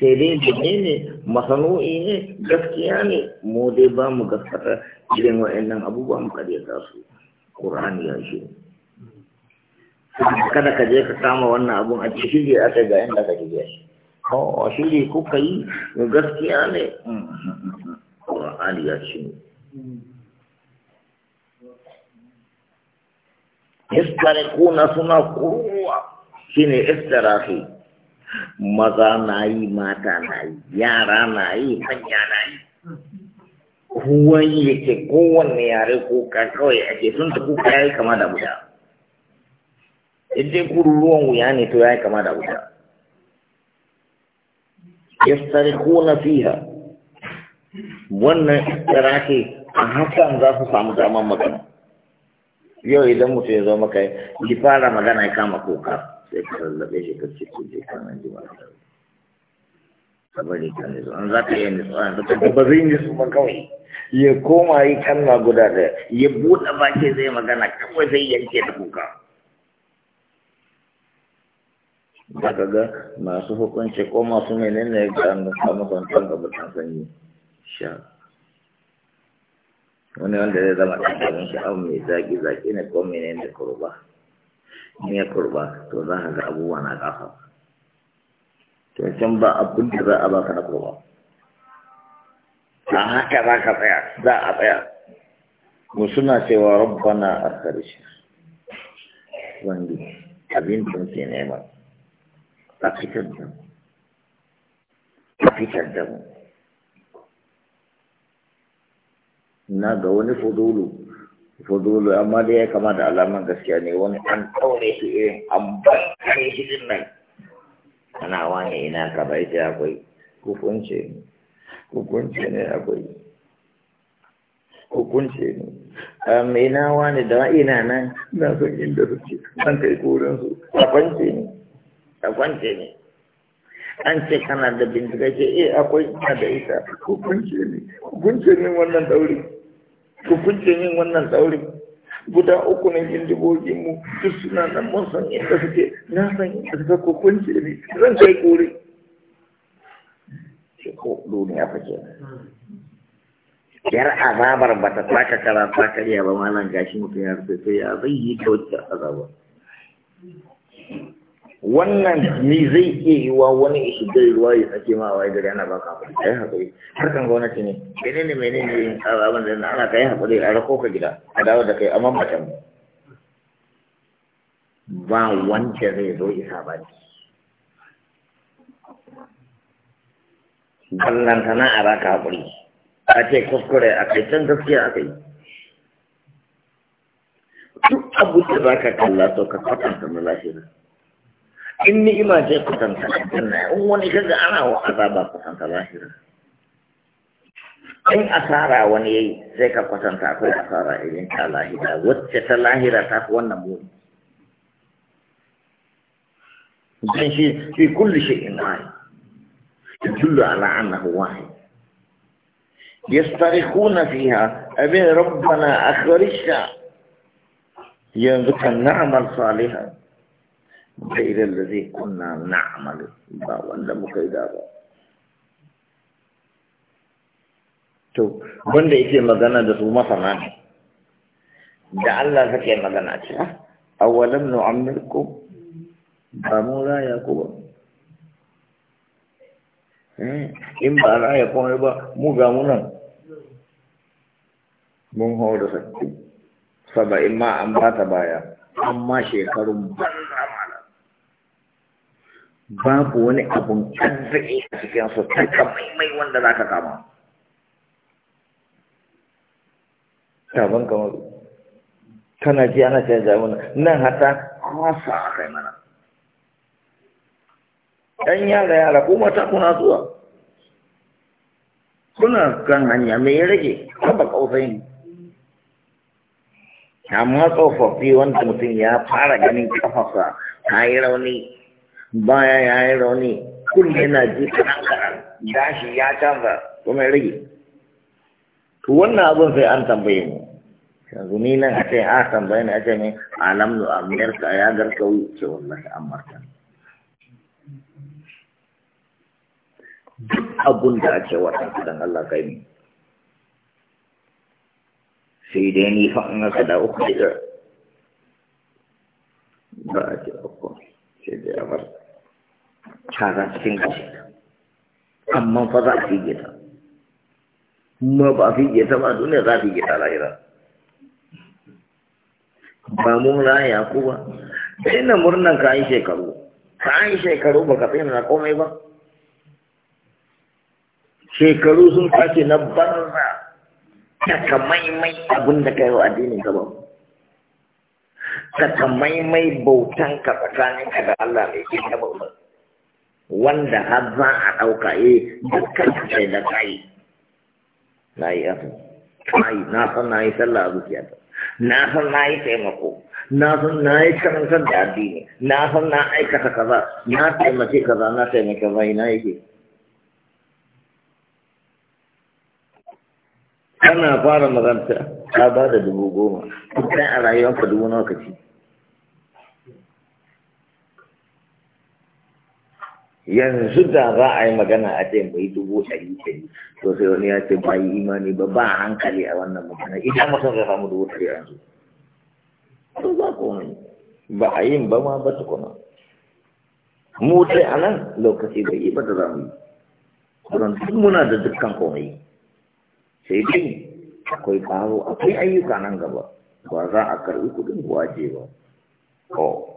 sai dai jini ne masanu'i ne gaskiya ne mu dai ba mu gaskata irin wa'annan abubuwa mu ta su ƙur'ani ya shi kada ka je ka kama wannan abun a cikin da aka ga yanda ka jiya shi ko oh, shiri kuka yi gaskiya ne ƙwa'ani mm, mm, mm, ya ce kuna suna kuruwa shine istirafi maza na yi mata na yi yara na yi manya na yi kowan yake kowanne yare kuka kawai ake sun ta kuka ya yi kama da wuta idan kururuwan wuya ne to ya yi kama da wuta yastarikhuna fiha wannan tsirake a hakan za su samu damar magana yau idan mutum ya zo maka yi fara magana ya kama koka sai ka lallabe shi ka ce ko je kana ji ba ka bari ka an za ka yi nisu an zaka ba zai nisu ba kawai ya koma yi kanna guda daya. ya buɗe bakin zai magana kawai zai yanke da kuka daga ga masu hukunci ko masu menene ga an samu kwanton ga ta sanyi sha wani wanda zai zama ɗan abin abu mai zaki zaki ne ko menene kurba in ya kurba to za ka ga abubuwa na ƙasa to can ba abin da za a baka na kurba a haka za ka tsaya za a tsaya mu suna cewa rabbana akhrijna wanda abin da muke nema ka fitar da mu na ga wani fudulu fudulu amma dai ya kama da alamar gaskiya ne wani an ɗaure shi irin an bankare shi din nan ana wani ina ka bai ce akwai hukunce ne hukunce ne akwai hukunce ne um, ina wani da ina nan na san inda suke an kai korinsu a kwance ne a kwance ne an ce kana da bindiga ce e akwai ina da ita ku kunce ne ku kunce wannan dauri ku kunce wannan dauri guda uku ne bindigogin mu duk suna nan mun san inda suke na san inda suka ku kunce ne zan kai kore ce ko duniya fa ke yar azabar ba ta saka kara ta karya ba malam gashi mutum ya rufe to ya zai yi ta wacce azabar. wannan ni zai iya yi wa wani shiga ruwa ya sake ma wai da ana baka haƙuri kai hakuri gona gwamnati ne ne ne ne yin abin da ana kai hakuri a rako ka gida a dawo da kai amma batan mu ba wanda zai zo isa ba ne ballantana a baka hakuri a ce kuskure a kai can gaskiya a kai duk abu da za ka kalla to ka kwatanta na lafiya in ni'ima ce kwatanta aljanna in wani kaga ana wa azaba kwatanta lahira in asara wani yayi sai ka kwatanta akwai asara irin ta lahira wacce ta lahira ta fi wannan muni dan shi fi kulli shay'in wahid yadullu ala annahu wahid يسترخون فيها أبي ربنا أخرجنا ينذكر نعمل صالحا zai kunna na نعمل ba wanda muka yi da ba to wanda yake magana da su masana ne da Allah take magana ce ah, awalam nu'ammirkum ba mu raya ku ba eh, in ba raya komai ba mu ga mu nan mun hau da sakki ma an ba ta baya amma shekarun ban babu wani abun arziki a cikin su maimai wanda za ka kama taban kamar tana ji ana ce jamuna nan hata kwasa a kai mana ɗan yara yara ko mata kuna zuwa kuna kan hanya mai rage kaba kausayin amma tsofaffi wanda mutum ya fara ganin kafasa ta yi rauni baya ya yi rauni kullum yana ji kaɗan kaɗan gashi ya canza kuma ya rage to wannan abin sai an tambaye mu yanzu ni nan a ce a ah, tambaye ni a ce ne alam nu amirka ya garka wuce wallahi an marta duk abun da ake wannan dan Allah kai ne sai dai ni fa in aka da uku da ba a ce uku sai dai a marta kaza cikin gashi amma fa za a fige ta ma ba fige ta ba duniya za a fige ta lahira ba na raya ku ba da ina murnan ka yi shekaru ka yi shekaru ba ka tsina na komai ba shekaru sun kace na banza maimai abin da kai wa addinin ka ba maimai bautan ka tsakanin ka da Allah mai kin ba bautan wanda har za a ɗauka eh dukkan sai da kai na yi abu na san na yi sallah a ta na san na yi taimako na san na yi karantar da addini na san na aikata kaza na taimake kaza na taimake na yi yake kana fara maganta ka ba da dubu goma kuma a rayuwarka dubu nawa ka ci yanzu da za a yi magana a ce mai dubu ɗari ɗari to sai wani ya ce ba yi imani ba ba hankali a wannan magana idan mutum zai samu dubu ɗari yanzu to za ku wani ba a yin ba ma ba tukuna mu dai a nan lokaci bai yi ba da za yi kuran duk muna da dukkan komai sai dai akwai karo akwai ayyuka nan gaba ba za a karɓi kuɗin waje ba oh.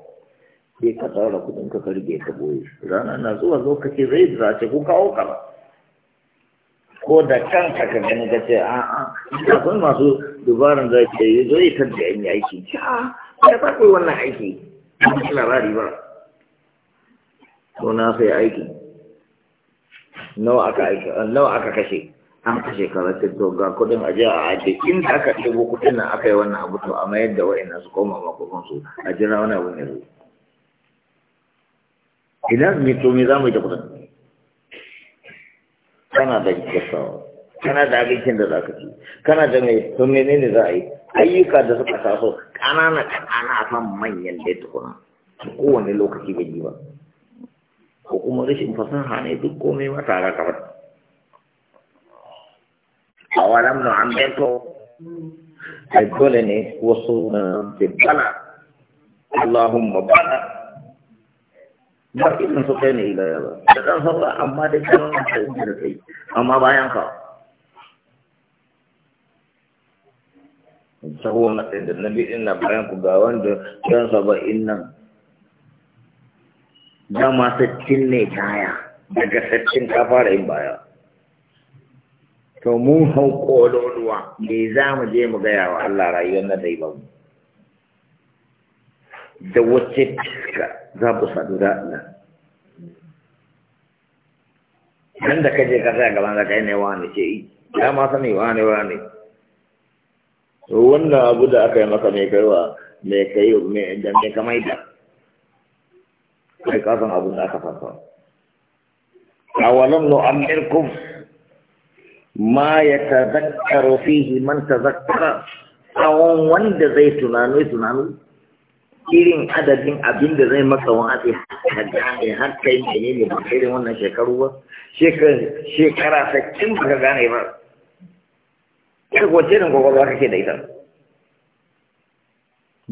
sai ka tsara kudin ka karge ka boye rana na zuwa lokaci zai zace ko kawo ka ba ko da kanka ka gani ka ce a a kun masu dubaran za ka yi zo yi kanta yan aiki a ya ba wannan aiki ba ci labari ba to na sai aiki nawa aka aiki nawa aka kashe an kashe kaza ta to ga kudin aje a aje inda aka ɗebo kudin nan aka yi wannan abu to a mayar da wa'annan su koma makomansu a jira wani abu ne zai idan mai to me za mu yi da kudin kana da gasawa kana da abincin da za ka ci kana da mai to menene za a yi ayyuka da suka taso ƙanana ƙanana a kan manyan da tukuna kowane lokaci bai yi ba ko kuma rashin fasaha ne duk komai ma tara kamar a walam na an bento ai dole ne wasu na eh, bibbala Allahumma bala ba irin su kai ne ilaya ba da ɗan sauka amma da kyan da da kai amma bayan ka sahuwa na ɗaya da nabi ɗin bayan ku ga wanda kyan saba'in nan dama sittin ne kaya daga sittin ka fara yin baya to mun hau ƙololuwa me za mu je mu gaya wa Allah rayuwar na dai ba mu da wacce fiska za ku sadu da Allah nan da kaje ka tsaya gaban zaka ne wani ce eh, ya ma sani wani wani wannan abu da aka yi maka mai kaiwa mai kai mai da mai kamai da kai kasan san da aka fasa awalam nu amirkum ma ya yatadakkaru fihi man tazakkara tsawon wanda zai tunano tunano irin adadin abin da zai maka wa'azi har kai ne ne ba irin wannan shekaru ba shekara sakin ba ka gane ba ya kwace nan kwakwalwa kake da ita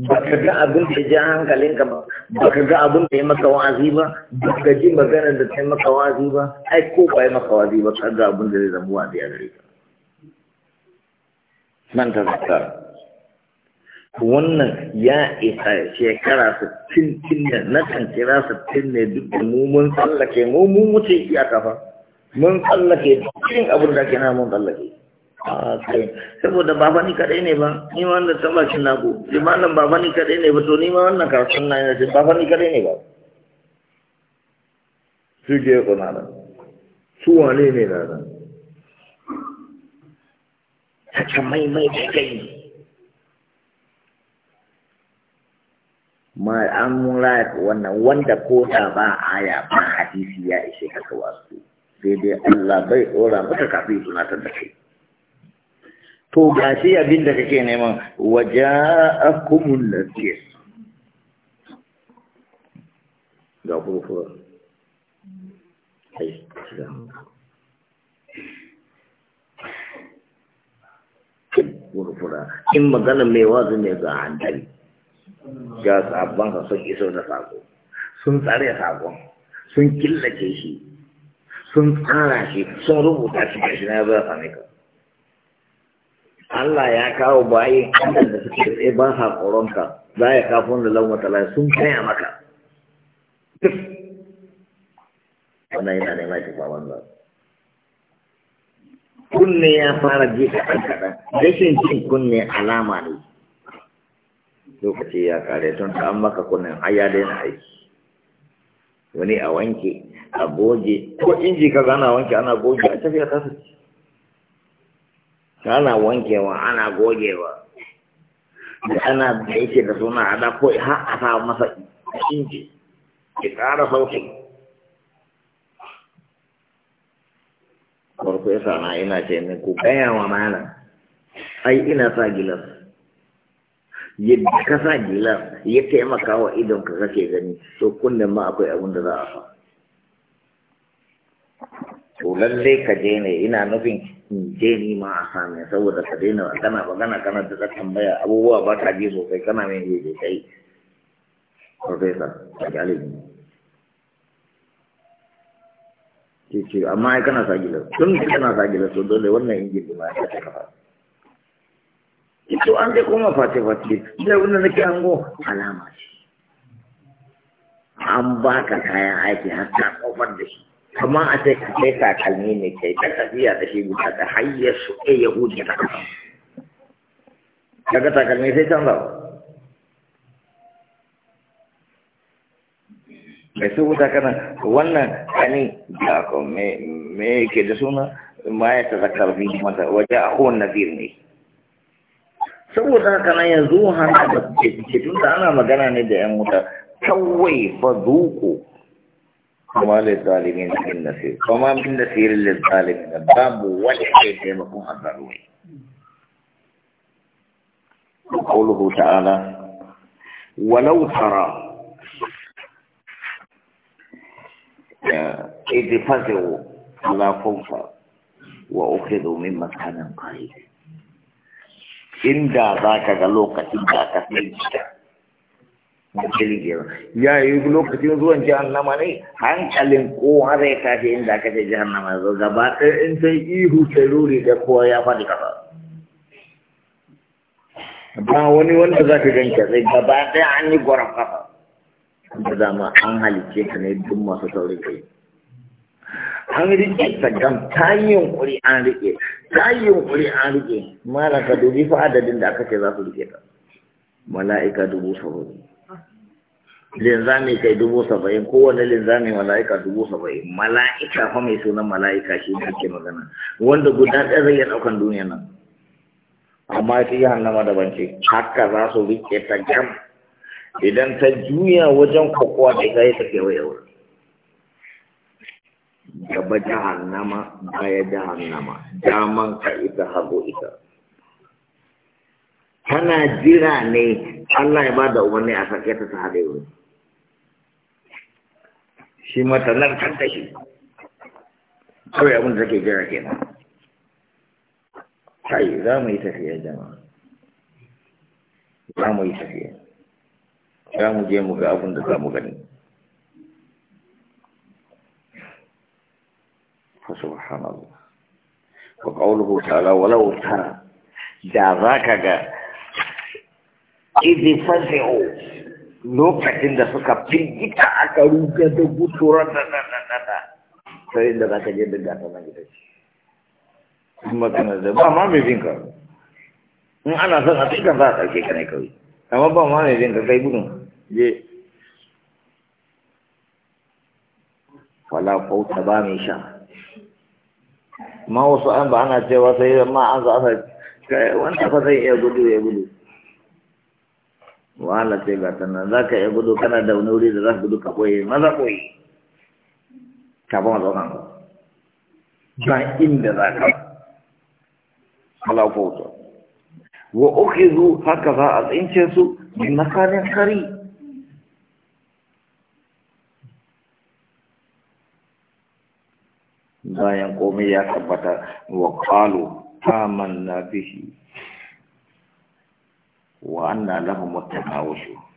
ba ka ga abin da hankalin hankalinka ba ba ka ga abin da ya maka wa'azi ba ba ka ji maganar da ta maka wa'azi ba ai ko ba ya maka wa'azi ba ka ga abin da zai zama wa'azi a gare ka manta ta wannan ya isa shekara sittin tun da na kan kira sittin ne duk da mu mun tsallake mu mun wuce iya kafa mun tsallake cikin abin da ke na mun tsallake ah, saboda baba ni kadai ne ba ni ma wannan shi na ku ni ma nan baba ni kadai ne ba to ni ma wannan karatun na ne baba ni kadai ne ba su je kuna nan su wane ne na nan ta maimai da kai ma an mura wannan wanda ko da ba aya ba hadisi ya ishe haka wasu sai dai Allah bai dora maka kafin tunatar da kai to ga abin da kake neman Waje nazir ga kurkura in magana mai wazu ne ga hankali ga sabbansa sun iso da sako sun tsare sakon sun killace shi sun tsara shi sun rubuta shi ga shi na zai same ka Allah ya kawo bayin annan da suke tsaye ba sa koronka za ya kafin da lauma matala sun kaya maka wannan yana nema shi ba wanda kunne ya fara ji ɗan kaɗan rashin cin kunne alama ne lokaci ya kare tun ta an maka kunan har ya na aiki wani a wanke a goge ko inji ka ana wanke ana goge a tafiya ta su ana wankewa ana gogewa da ana da yake da suna ada ko har a sa masa inji ya kara sautin farko ya sana ina ce ne ku gaya wa mana ai ina sa gilas yadda ka sa gilan ya taimaka wa idon ka kake gani to kunnen ma akwai abin da za a fa to lalle ka je ne ina nufin je ni ma a same saboda ka daina kana magana kana da tambaya abubuwa ba ta je sosai kana mai ne da kai professor a galibi ce ce amma ai kana sa gilan tun kana sa gilan to dole wannan injin ma ya ta kafa ito an dai kuma fati-fati. da wanda nake alama ce an baka kayan aiki har ka kofar da shi kamar a ce ka kai takalmi ne kai ta tafiya da shi guda hayyar su ke yahudi ta kasa daga takalmi sai canza ba mai saboda kana wannan kani da me yake da suna ma ya ta zakarfi mata waje a kowane nazir ne saboda haka nan yanzu hana da ke tun da ana magana ne da yan wuta kawai fa zuku kuma da zalimin cikin nasir kuma min nasir da zalimin babu wani ke taimakon ne zaruri ta'ala walau tara ya إذ ala fawqa wa ukhidhu من مكان قريب inda za ka ga lokacin da aka sai jirgin ya yi lokacin zuwan jihannama ne hankalin kowa zai tashi inda ka ce jihannama zo gaba ɗaya in ta ihu ta ruri da kowa ya faɗi kasa ba wani wanda za ka ganke zai gaba ɗaya an yi gwaron kasa da dama an halice ka ne duk masu saurin kai an rike ta gam ta yi yunƙuri an rike ta yi yunƙuri an rike mala ka dubi fa adadin da aka ce za su rike ta mala'ika dubu saba'in linzami kai dubu saba'in kowane linzami mala'ika dubu saba'in mala'ika fa mai sunan mala'ika shi ne ake magana wanda guda ɗaya zai iya ɗaukan duniya nan amma shi hannama daban ce haka za su rike ta gam idan ta juya wajen kokowa da ita ya tafi yau yau gaba jahannama baya jahannama daman ka ita hago ita tana jira ne Allah ya bada umarni a sake ta ta haɗe wuri shi mata nan kan tashi kawai abin da take jira kenan kai za mu yi tafiya jama'a za mu yi tafiya za mu je mu ga abin da za mu gani فسبحان الله وقوله تعالى ولو ترى ذاك إذ فزعوا lokacin da suka firgita aka ruga da da na na na na sai da za ka je da gata na gida ce kuma kana da ba ma mai bin ka in ana son a cikin za a ɗauke ne kawai amma ma mai ka kai gudun je fala ba mai sha ma wasu an ba ana cewa sai ma an za a kai wanda fa zai iya gudu ya gudu Wala ce ga sannan za ka iya gudu kana da wani wuri da za ka gudu ka koyi maza koyi ka ba mazo kan ba inda za ka ala ko wa ukhidhu haka za a tsince su na makanin kari bayan komai ya tabbata wa qalu amanna bihi wa anna lahu at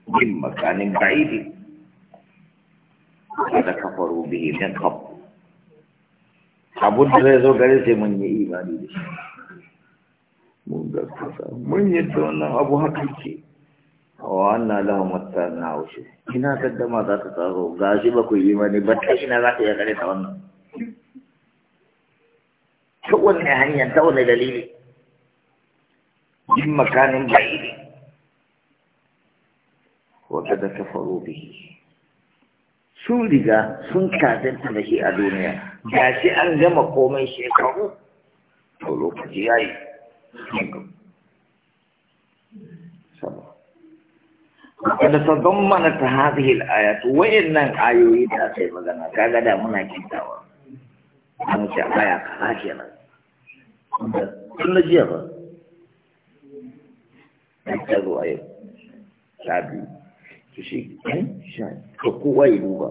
min makanin ba'idi kada kafaru bihi min qabl abu da zai zo gare sai mun yi imani da shi mun ga kasa mun yi wannan abu haka ce wa anna lahu at-tahawushu ina kaddama za ta tsaro gashi ba ku yi imani ba ta ina za ta iya gare ta wannan ta wanne hanyar ta wanne dalili yin makanin bayiri wadda da ta faru bihi sun riga sun kazanta da shi a duniya ga shi an gama komai shekaru to lokaci ya yi وقد تضمنت nan ayoyi وإن آيوي تأتي مغنى da muna kintawa an ce aya kaza kenan tun na jiya ba an ta zo a yau sha biyu to shi ɗan sha ka kowa ya duba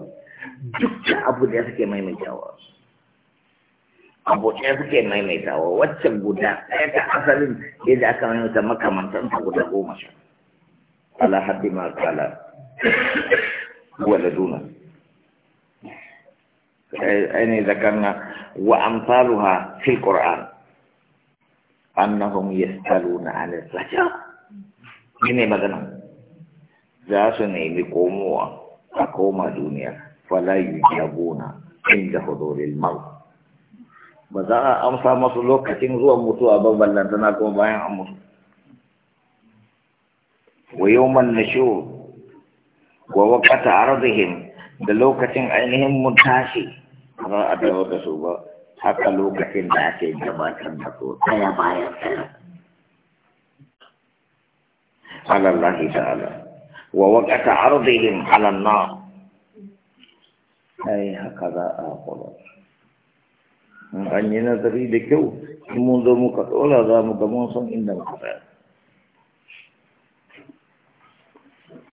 dukkan abu da suke maimaitawa abu ɗaya suke maimaitawa waccan guda ɗaya ta asalin yadda aka maimaita makamantanta guda goma sha ala haddi ma kala waladuna أين ذكرنا وأمثالها في القرآن أنهم يسألون عن الرجاء من مثلا ذات بقوموا أقوم دنيا فلا يجابون عند حضور الموت بذا أمسى مصلوك تنزو أموتوا أبو بلنتنا كما باين أموتوا ويوم النشور ووقت عرضهم da lokacin ainihin mun tashi ba a dawo da su ba haka lokacin da ake gabatar da su ɗaya bayan ɗaya a kula. An ووقت عرضهم da kyau, أي mun zo أن ينظري لكو منذ مقت أولا ذا inda إن القرآن